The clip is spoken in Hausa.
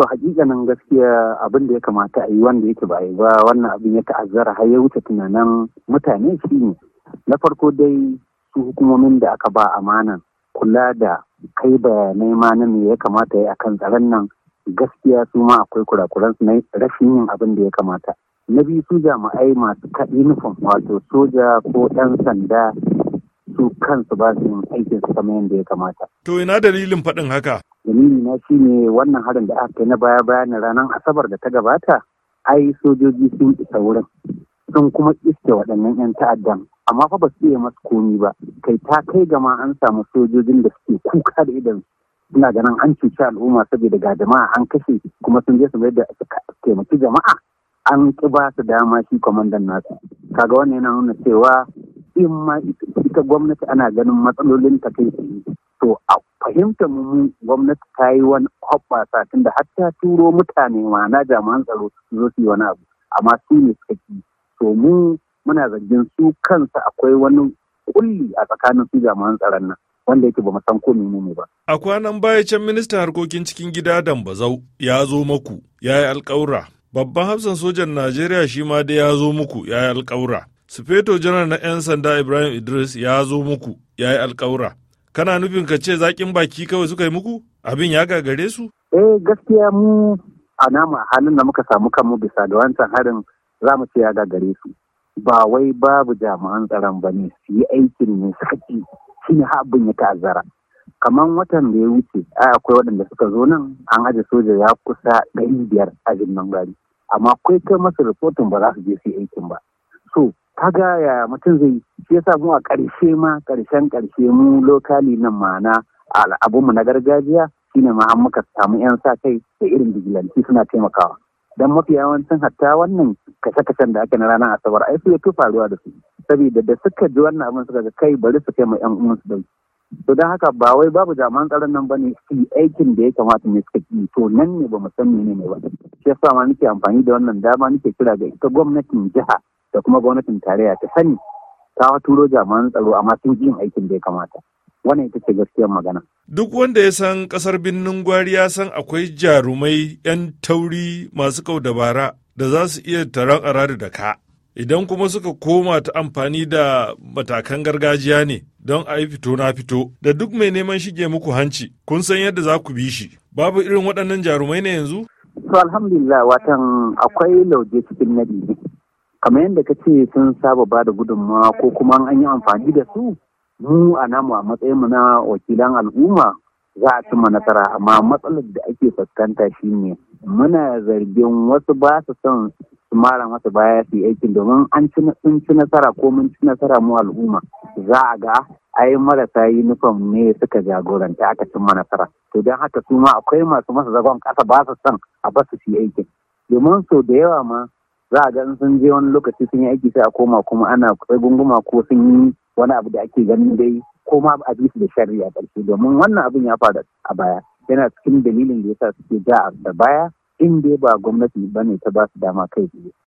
hakika nan gaskiya abin da ya kamata a yi wanda yake ba yi ba wannan abin ya ta'azzara har ya wuce tunanin mutane shi ne na farko dai su hukumomin da aka ba amanan kula da kai bayanai ma na me ya kamata ya akan tsaron nan gaskiya su ma akwai kurakuran su na rashin yin abin da ya kamata na biyu su jami'ai masu kaɗi nufin wato soja ko ɗan sanda su kansu ba su yin aikin su kamar yadda ya kamata. To ina dalilin faɗin haka? dalili na shi ne wannan harin da aka kai na baya baya na ranar asabar da ta gabata ai sojoji sun isa wurin sun kuma iske waɗannan 'yan ta'addan amma fa ba su iya masu komi ba kai ta kai gama an samu sojojin da suke kuka da idan suna ganin an cuci al'umma saboda ga jama'a an kashe kuma sun je su mai da suka taimaki jama'a an ƙi ba su dama shi kwamandan nasu kaga wannan yana nuna cewa in ma ita gwamnati ana ganin matsalolin ta kai to a fahimta mu gwamnati ta yi wani hoɓɓasa tunda har ta turo mutane ma na jami'an tsaro su zo su yi wani abu amma su ne ki to mu muna zargin su kansa akwai wani kulli a tsakanin su jami'an tsaron nan wanda yake ba mu san ko menene ba. A kwanan baya can ministan harkokin cikin gida Dambazau ya zo maku ya yi alƙawura. Babban hafsan sojan Najeriya shi ma dai ya zo muku ya yi alƙawura. Sufeto janar na 'yan sanda Ibrahim Idris ya zo muku ya yi alƙawura. kana nufin ka ce zaƙin baki kawai suka yi muku abin ya gagare su eh gaskiya mu a nama halin da muka samu kanmu bisa da wancan harin za mu ce ya gagare su ba wai babu jami'an tsaron ba ne su yi aikin ne suka ci shi ne haɓin ya ta'azzara kamar watan da ya wuce akwai waɗanda suka zo nan an aje soja ya kusa ɗari biyar a jimnan gari amma kai kai masa rahoton ba za su je su yi aikin ba so kaga ya mutum zai shi yasa mu a ƙarshe ma ƙarshen ƙarshe mu lokali nan ma'ana al'abunmu na gargajiya shine ma an muka samu 'yan sa kai da irin vigilanti suna taimakawa dan mafi yawancin hatta wannan kashe-kashen da ake na ranar asabar ai su ya faruwa da su saboda da suka ji wannan abin suka ga kai bari su kai ma 'yan uwansu dai to don haka ba wai babu jami'an tsaron nan bane su aikin da ya kamata ne suka yi to nan ne ba mu san menene ba shi yasa ma nake amfani da wannan dama nake kira ga ita gwamnatin jiha da kuma gwamnatin tarayya ta sani ta turo jami'an tsaro amma sun yin aikin da ya kamata wannan ita ce gaskiyar magana. Duk wanda ya san kasar birnin gwari ya san akwai jarumai 'yan tauri masu kau dabara da za su iya taron aradu da ka. Idan kuma suka koma ta amfani da matakan gargajiya ne don a yi fito na fito da duk mai neman shige muku hanci kun san yadda za ku bi shi. Babu irin waɗannan jarumai ne yanzu? To alhamdulillah watan akwai lauje cikin nadi kamar yadda ka ce sun saba ba da gudunmawa ko kuma an yi amfani da su mu a namu a matsayin matsayinmu na wakilan al'umma za a cimma nasara amma matsalar da ake fuskanta shine muna zargin wasu ba su son su mara masa baya su yi aikin domin an ci nasara ko mun ci nasara mu al'umma za a ga ai marasa nufan ne suka jagoranta aka cimma nasara to don haka su ma akwai masu masa zagon kasa ba su son a ba su yi aikin domin sau da yawa ma za a ga sun je wani lokaci sun yi aiki sai a koma kuma ana kusa gunguma ko sun yi wani abu da ake ganin dai ko ma a bi da shari'a ƙarshe domin wannan abin ya faru a baya yana cikin dalilin da yasa suke ja da baya in dai ba gwamnati ba ne ta ba su dama kai tsaye